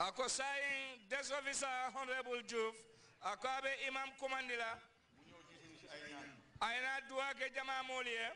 a saying desk officer honorable Juf ako abe imam kumandila aina duwa ke jama moliye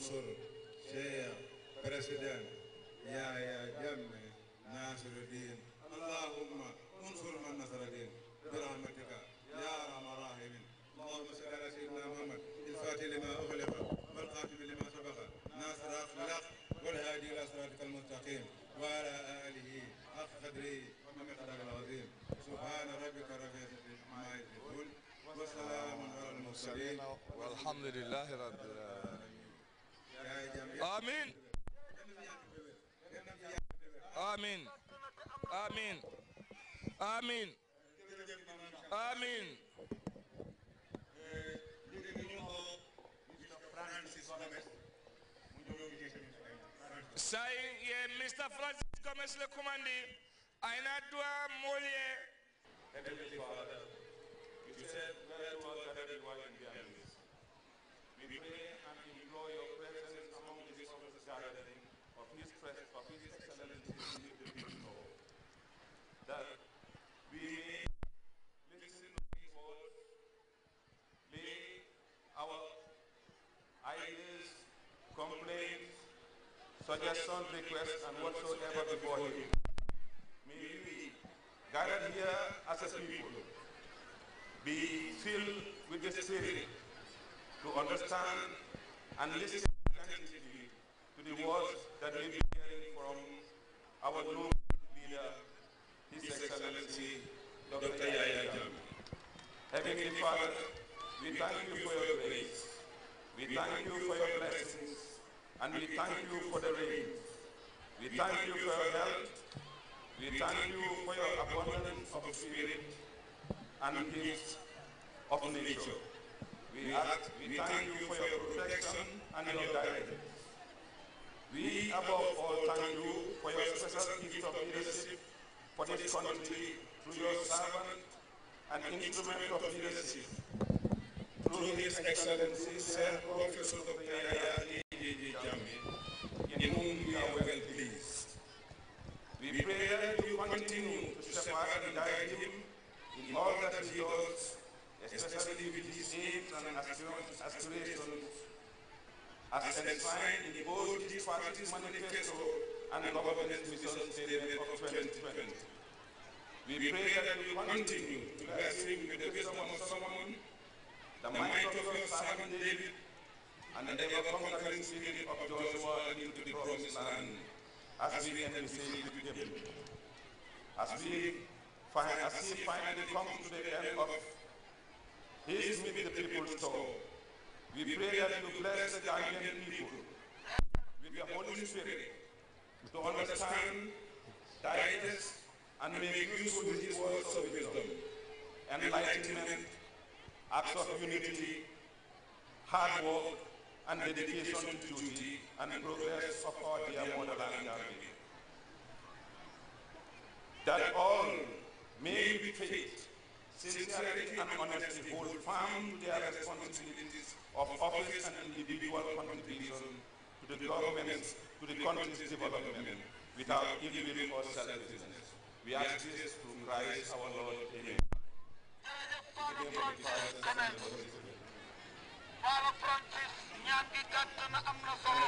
منصور شيخ بريسيدنت يا يا جم ناصر الدين اللهم انصر من نصر الدين برحمتك يا ارحم الراحمين اللهم صل على سيدنا محمد الفاتح لما اغلق والخاتم لما سبق ناصر الخلق والهادي الى صراطك المستقيم وعلى اله حق قدره ومقداره العظيم سبحان ربك رب العزه عما يصفون وسلام على المرسلين والحمد لله رب العالمين Amin. Amin. Amin. Amin. Amin. Say, yeah, Mr. Francis Gomez le commandé. Aina doit molier. complaints, suggestions, requests, and whatsoever before him. May we, gathered here as a people, be filled with the Spirit to understand and listen attentively to the words that we be hearing from our new leader, His Excellency, Dr. Yahya Heavenly Father, we thank you for your grace. We thank you for your blessings. And we thank you for the rain. We thank you for your health. We thank you for your abundance of spirit and peace of nature. We, ask, we thank you for your protection and your guidance. We above all thank you for your special gift of leadership for this country through your servant and instrument of leadership. Through His Excellency, Sir Professor Dr. Jami, in whom we are well pleased. We pray that you continue to support and guide him in all that he does, especially with his aims and aspirations, as enshrined in the old party's manifesto and the government mission statement of 2020. We pray that you continue to bless him with the wisdom of Solomon, the might of your servant David, and the ever-conquering spirit of Joshua to the promised land as we can As we find, as he finally comes to the end of his with the People's story, we pray that you bless the Gambian people with your Holy Spirit to understand, digest, and make use of his words of wisdom, enlightenment, acts of unity, hard work, and dedication to duty and progress of our dear motherland Gambia. That all may be faith, sincerity and honesty hold firm their responsibilities of office and individual contribution to the government's, to the country's development without evil or selfishness. We ask this through Christ our Lord. Amen. Father Francis, ñaan gi gàtt na am na solo.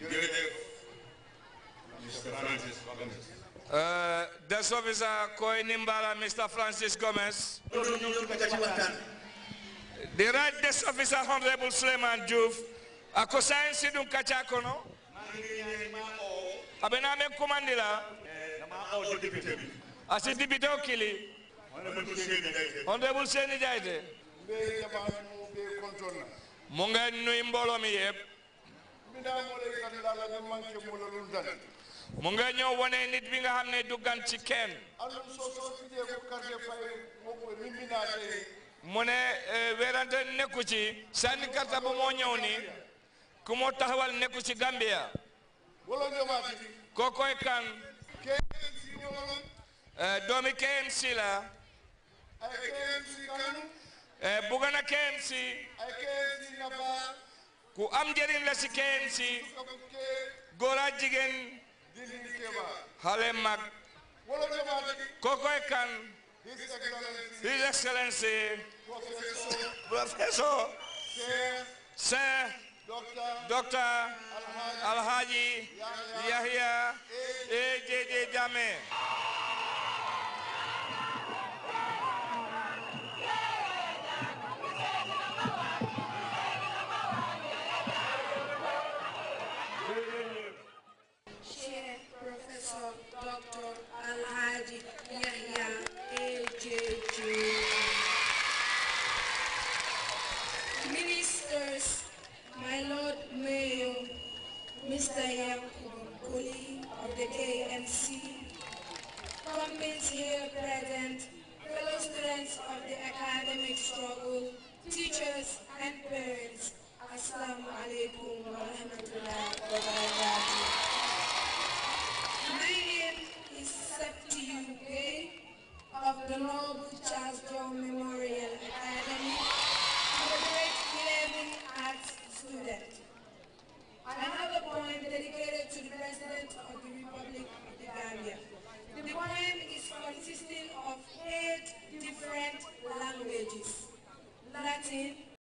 jërëjëf. Mr des officer koy nimbala Mr Francis Gomez. The right desk officer Honorable Suleiman Juf ako sayin sidun kacha kono. abena ah, kili. Honorable Seni Jaite. mu ngeen nuy mbooloo mi yëpp mu ngeen ñëw wone nit bi nga xam ne duggan ci kenn mu ne euh, werante nekku ci sànni karta moo ñëw ni ku moo taxawal nekku ci Gambia kookoy kan euh, doomi KMC la Eh, Bougane ak KMC ku am njëriñ la ci KMC góor ak jigéen xale mag kookoy kan His Excellency Professor Sir Doctor Yahya AJJ Jammeh present, fellow students of the academic struggle, teachers and parents. Assalamu alaikum wa rahmatullahi wa barakatuh. My name is Septi Yuge of the Noble Charles John Memorial Academy. i a grade 11 arts student. I have a poem dedicated to the President of the Republic of the Gambia. The poem different languages, Latin,